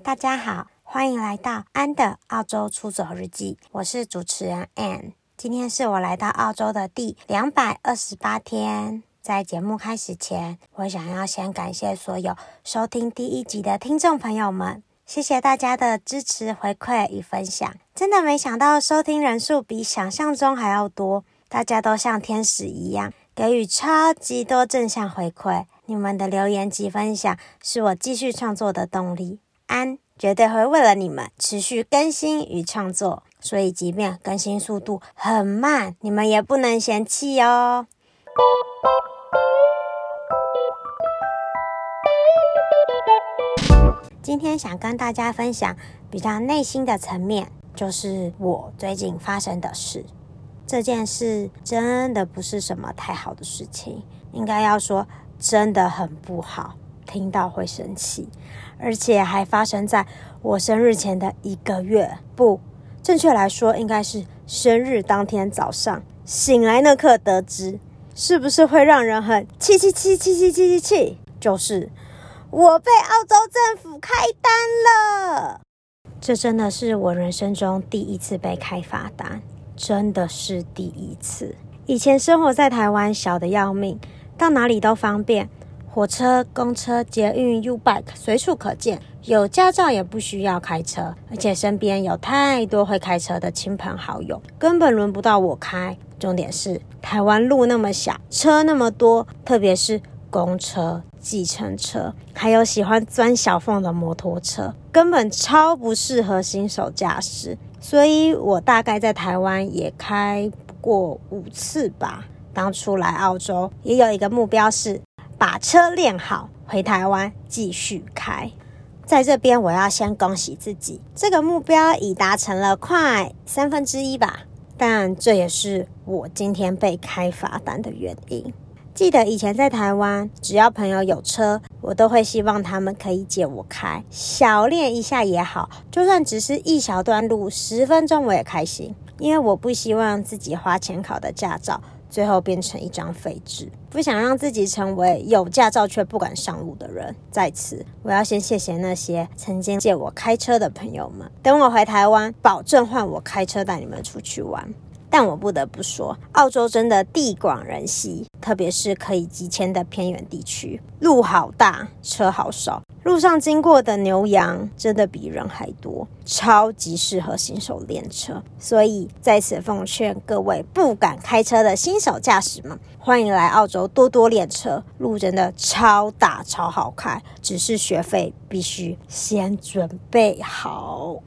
大家好，歡迎來到安的澳洲出走日記。我是主持人安。今天是我來到澳洲的第兩百二十八天。在節目開始前，我想要先感謝所有收聽第一集的聽眾朋友們，謝謝大家的支持、回饋與分享。真的沒想到收聽人數比想象中還要多，大家都像天使一樣給予超級多正向回饋。你們的留言及分享是我繼續創作的動力。安絕對會為了你們持續更新與創作，所以即便更新速度很慢，你們也不能嫌棄喲。今天想跟大家分享比較內心的層面，就是我最近發生的事。這件事真的不是什麼太好的事情，應該要說真的很不好。聽到會生氣，而且還發生在我生日前的一個月。不，正確來說應該是生日當天早上醒來那刻得知，是不是會讓人很氣氣氣氣氣氣氣氣？就是我被澳洲政府開單了，這真的是我人生中第一次被開罰單，真的是第一次。以前生活在台灣，小得要命，到哪裡都方便。火車、公車、捷運、U-Bike 隨處可見，有駕照也不需要開車，而且身邊有太多會開車的親朋好友，根本輪不到我開。重點是台灣路那麼小，車那麼多，特別是公車、計程車，還有喜歡鑽小縫的摩托車，根本超不適合新手駕駛。所以我大概在台灣也開過五次吧。當初來澳洲也有一個目標是，把車練好，回台灣繼續開。在這邊，我要先恭喜自己，這個目標已達成了快三分之一吧。但這也是我今天被開罰單的原因。記得以前在台灣，只要朋友有車，我都會希望他們可以借我開，小練一下也好，就算只是一小段路，十分鐘我也開心，因為我不希望自己花錢考的駕照。最後變成一張廢紙。不想讓自己成為有駕照卻不敢上路的人。在此，我要先謝謝那些曾經借我開車的朋友們。等我回台灣，保證換我開車帶你們出去玩。但我不得不說，澳洲真的地廣人稀，特別是可以集簽的偏遠地區，路好大，車好少，路上經過的牛羊真的比人還多，超級適合新手練車。所以在此奉勸各位不敢開車的新手駕駛們，歡迎來澳洲多多練車，路真的超大超好開，只是學費必須先準備好。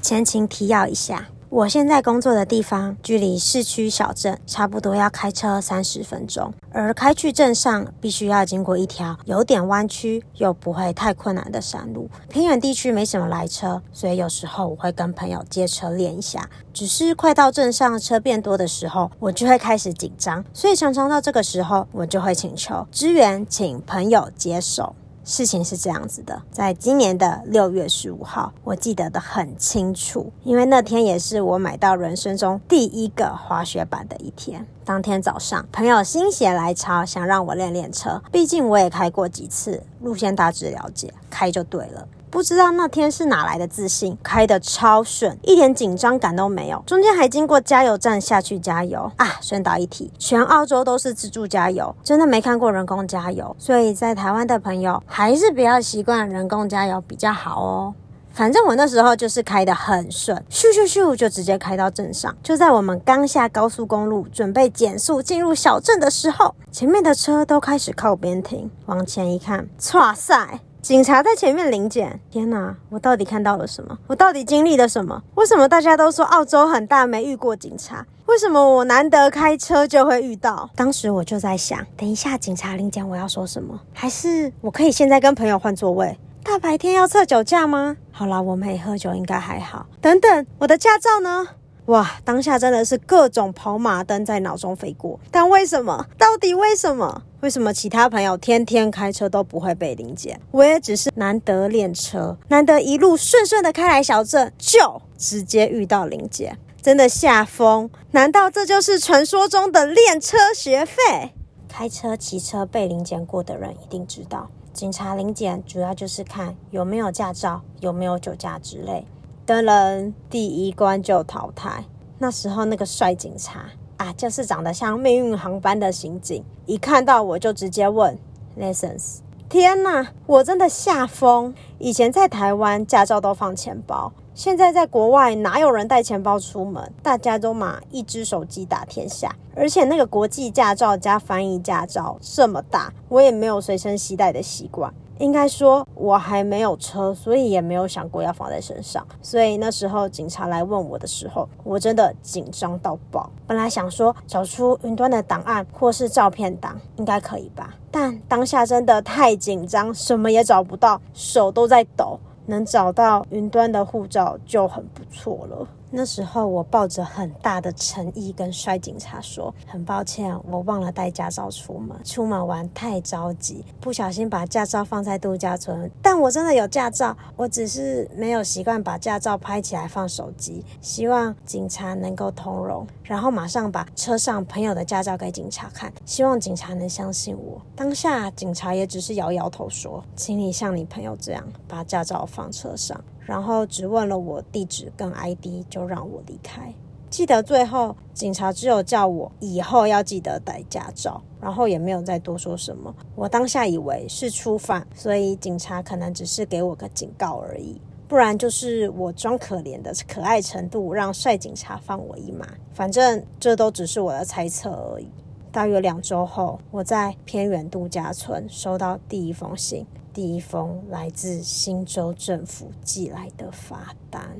前情提要一下。我現在工作的地方距離市區小鎮差不多要開車三十分鐘，而開去鎮上必須要經過一條有點彎曲又不會太困難的山路。偏遠地區沒什麼來車，所以有時候我會跟朋友借車練一下。只是快到鎮上車變多的時候，我就會開始緊張，所以常常到這個時候，我就會請求支援，請朋友接手。事情是這樣子的，在今年的六月十五號，我記得的很清楚，因為那天也是我買到人生中第一個滑雪板的一天。當天早上，朋友心血來潮，想讓我練練車，畢竟我也開過幾次，路線大致了解，開就對了。不知道那天是哪來的自信，開得超順，一點緊張感都沒有。中間還經過加油站下去加油啊，順道一提，全澳洲都是自助加油，真的沒看過人工加油，所以在台灣的朋友還是比較習慣人工加油比較好哦。反正我那時候就是開得很順，咻咻咻就直接開到鎮上。就在我們剛下高速公路準備減速進入小鎮的時候，前面的車都開始靠邊停，往前一看，哇塞！警察在前面臨檢，天哪！我到底看到了什麼？我到底經歷了什麼？為什麼大家都說澳洲很大，沒遇過警察？為什麼我難得開車就會遇到？當時我就在想，等一下警察臨檢我要說什麼？還是我可以現在跟朋友換座位？大白天要測酒駕嗎？好啦，我沒喝酒應該還好。等等，我的駕照呢？哇，當下真的是各種跑馬燈在腦中飛過。但為什麼？到底為什麼？為什麼其他朋友天天開車都不會被臨檢？我也只是難得練車，難得一路順順的開來小鎮，就直接遇到臨檢，真的嚇瘋。難道這就是傳說中的練車學費？開車、騎車被臨檢過的人一定知道，警察臨檢主要就是看有沒有駕照、有沒有酒駕之類的人，第一關就淘汰。那時候那個帥警察。啊！就是長得像命運航班的刑警，一看到我就直接問 license。天哪，我真的嚇瘋！以前在台灣駕照都放錢包，現在在國外哪有人帶錢包出門？大家都嘛，一隻手機打天下。而且那個國際駕照加翻譯駕照這麼大，我也沒有隨身攜帶的習慣。應該說我還沒有車，所以也沒有想過要放在身上。所以那時候警察來問我的時候，我真的緊張到爆。本來想說找出雲端的檔案或是照片檔，應該可以吧？但當下真的太緊張，什麼也找不到，手都在抖。能找到雲端的護照就很不錯了。那時候我抱着很大的誠意跟帥警察說：“很抱歉，我忘了帶駕照出門，出門玩太着急，不小心把駕照放在度假村。但我真的有駕照，我只是沒有習慣把駕照拍起來放手機。希望警察能夠通融，然後馬上把車上朋友的駕照給警察看，希望警察能相信我。”當下警察也只是搖搖頭說：“請你像你朋友這樣把駕照放車上。”然後只問了我地址跟 ID，就讓我離開。記得最後警察只有叫我以後要記得帶駕照，然後也沒有再多說什麼。我當下以為是初犯，所以警察可能只是給我個警告而已，不然就是我裝可憐的可愛程度讓帥警察放我一馬。反正這都只是我的猜測而已。大約兩周後，我在偏遠度假村收到第一封信。第一封來自新州政府寄來的罰單，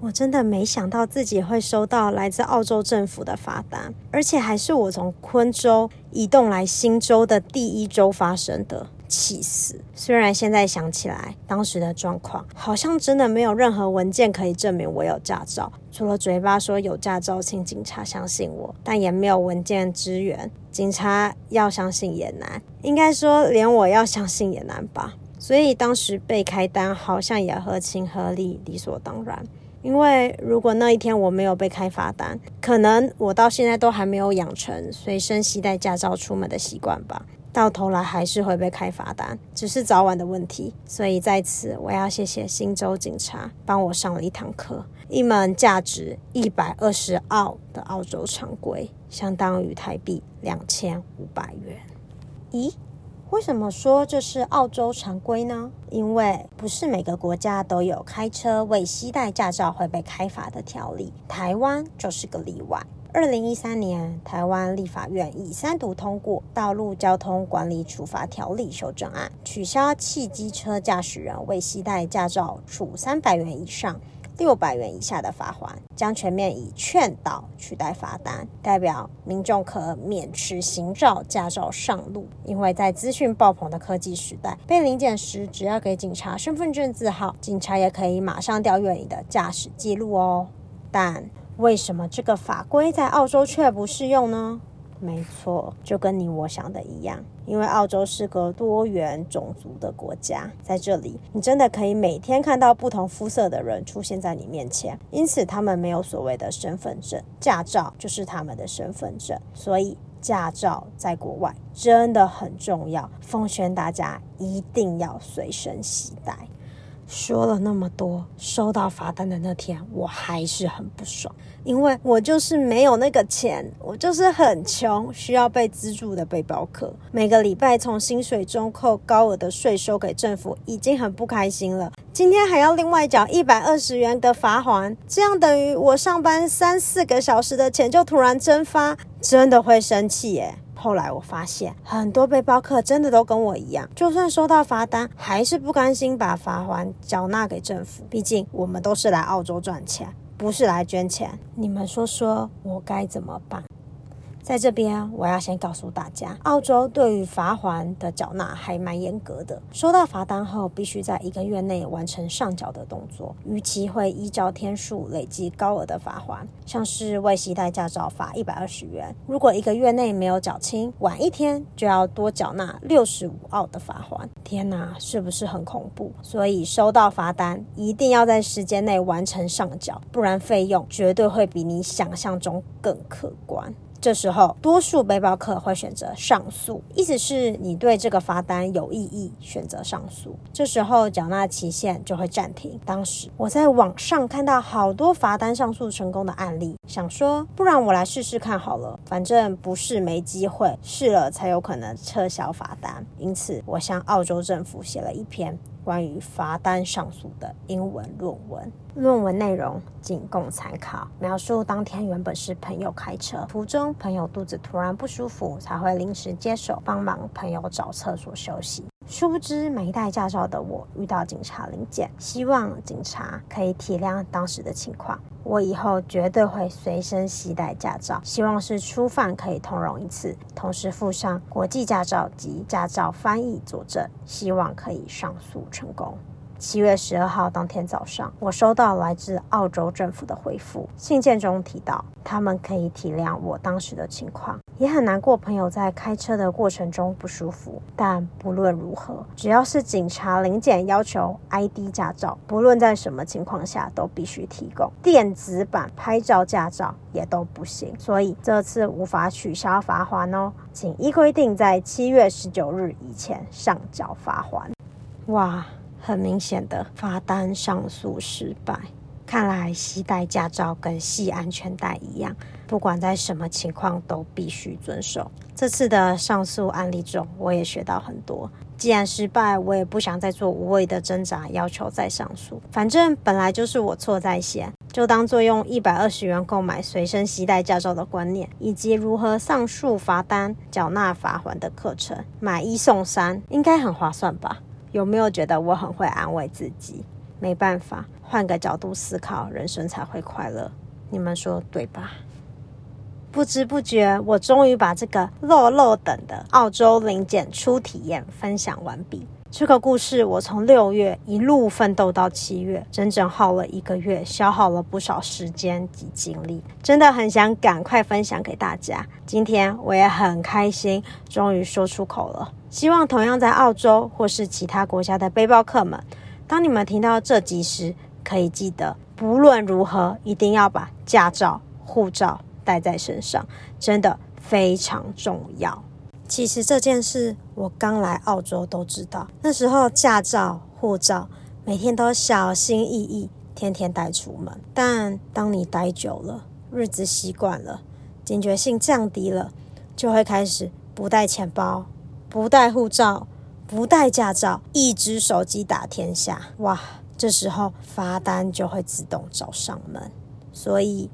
我真的沒想到自己會收到來自澳洲政府的罰單，而且還是我從昆州移動來新州的第一周發生的。氣死！雖然現在想起來，當時的狀況好像真的沒有任何文件可以證明我有駕照，除了嘴巴說有駕照，請警察相信我，但也沒有文件支援，警察要相信也難，應該說連我要相信也難吧。所以當時被開單，好像也合情合理，理所當然。因為如果那一天我沒有被開罰單，可能我到現在都還沒有養成隨身攜帶駕照出門的習慣吧。到頭來還是會被開罰單，只是早晚的問題。所以在此，我要謝謝新州警察，幫我上了一堂課，一門價值一百二十澳的澳洲常規，相當於台幣兩千五百元。咦，為什麼說這是澳洲常規呢？因為不是每個國家都有開車未攜帶駕照會被開罰的條例，台灣就是個例外。二零一三年，台灣立法院以三讀通過《道路交通管理處罰條例修正案》，取消汽機車駕駛人未攜帶駕照處三百元以上六百元以下的罰鍰，將全面以勸導取代罰單，代表民眾可免持行照駕照上路。因為在資訊爆棚的科技時代，被臨檢時只要給警察身份證字號，警察也可以馬上調閱你的駕駛記錄哦。但為什麼這個法規在澳洲卻不適用呢？沒錯，就跟你我想的一樣，因為澳洲是個多元種族的國家，在這裡你真的可以每天看到不同膚色的人出現在你面前，因此他們沒有所謂的身份證，駕照就是他們的身份證，所以駕照在國外真的很重要，奉勸大家一定要隨身攜帶。說了那麼多，收到罰單的那天，我還是很不爽。因為我就是沒有那個錢，我就是很窮，需要被資助的背包客，每個禮拜從薪水中扣高額的稅收給政府，已經很不開心了。今天還要另外繳一百二十元的罰鍰，這樣等於我上班三四個小時的錢就突然蒸發，真的會生氣耶。後來我發現，很多背包客真的都跟我一樣，就算收到罰單，還是不甘心把罰鍰繳納給政府，畢竟我們都是來澳洲賺錢。不是來捐錢，你們說說我該怎麼辦？在這邊，我要先告訴大家，澳洲對於罰鍰的繳納還蠻嚴格的。收到罰單後，必須在一個月內完成上繳的動作，逾期會依照天數累計高額的罰鍰。像是未攜帶駕照罰一百二十元，如果一個月內沒有繳清，晚一天就要多繳納六十五澳的罰鍰。天哪、啊，是不是很恐怖？所以收到罰單一定要在時間內完成上繳，不然費用絕對會比你想象中更可觀。這時候，多數背包客會選擇上訴，意思是你對這個罰單有異議，選擇上訴，這時候繳納的期限就會暫停。當時我在網上看到好多罰單上訴成功的案例，想說，不然我來試試看好了，反正不是沒機會，試了才有可能撤銷罰單。因此，我向澳洲政府寫了一篇關於罰單上訴的英文論文，論文內容僅供參考。描述當天原本是朋友開車，途中朋友肚子突然不舒服，才會臨時接手，幫忙朋友找廁所休息。殊不知，沒帶駕照的我遇到警察臨檢，希望警察可以體諒當時的情況。我以後絕對會隨身攜帶駕照，希望是初犯可以通融一次，同時附上國際駕照及駕照翻譯佐證，希望可以上訴成功。七月十二號當天早上，我收到來自澳洲政府的回復信件中提到他們可以體諒我當時的情況，也很難過朋友在開車的過程中不舒服。但不論如何，只要是警察臨檢要求 ID 駕照，不論在什麼情況下都必須提供電子版，拍照駕照也都不行。所以這次無法取消罰鍰哦，請依規定在七月十九日以前上繳罰鍰。哇！很明顯的罰單上訴失敗，看來攜帶駕照跟繫安全帶一樣，不管在什麼情況都必須遵守。這次的上訴案例中，我也學到很多。既然失敗，我也不想再做無謂的掙扎，要求再上訴。反正本來就是我錯在先，就當作用一百二十元購買隨身攜帶駕照的觀念，以及如何上訴罰單、繳納罰鍰的課程，買一送三，應該很划算吧。有沒有覺得我很會安慰自己？沒辦法，換個角度思考，人生才會快樂。你們說對吧？不知不覺，我終於把這個落落等的澳洲臨檢初體驗分享完畢。這個故事我從六月一路奮鬥到七月，整整耗了一個月，消耗了不少時間及精力。真的很想趕快分享給大家。今天我也很開心，終於說出口了。希望同樣在澳洲或是其他國家的背包客們，當你們聽到這集時，可以記得，不論如何，一定要把駕照、護照帶在身上，真的非常重要。其實這件事，我剛來澳洲都知道，那時候駕照、護照每天都小心翼翼，天天帶出門。但當你待久了，日子習慣了，警覺性降低了，就會開始不帶錢包。不帶護照，不帶駕照，一隻手機打天下，哇！這時候罰單就會自動找上門。所以，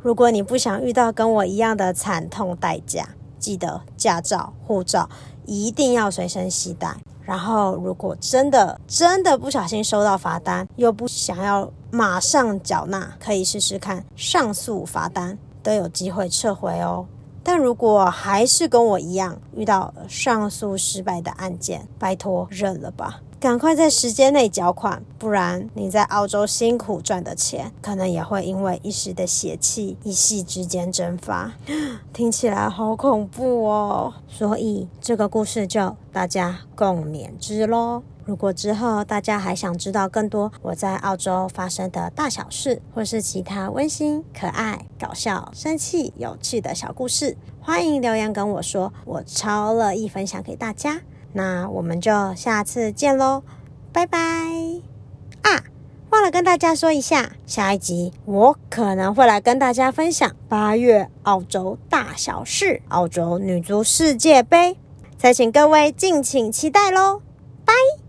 如果你不想遇到跟我一樣的慘痛代價，記得駕照、護照一定要隨身攜帶。然後，如果真的真的不小心收到罰單，又不想要馬上繳納，可以試試看上訴罰單，都有機會撤回哦。但如果還是跟我一樣遇到上訴失敗的案件，拜託認了吧，趕快在時間內繳款，不然你在澳洲辛苦賺的錢，可能也會因為一時的邪氣，一夕之間蒸發。聽起來好恐怖哦，所以這個故事就大家共勉之嘍。如果之後大家還想知道更多我在澳洲發生的大小事，或是其他溫馨、可愛、搞笑、生氣、有趣的小故事，歡迎留言跟我說，我超樂意分享給大家。那我們就下次見嘍，拜拜！啊，忘了跟大家說一下，下一集我可能會來跟大家分享八月澳洲大小事——澳洲女足世界盃，再請各位敬請期待嘍，拜拜。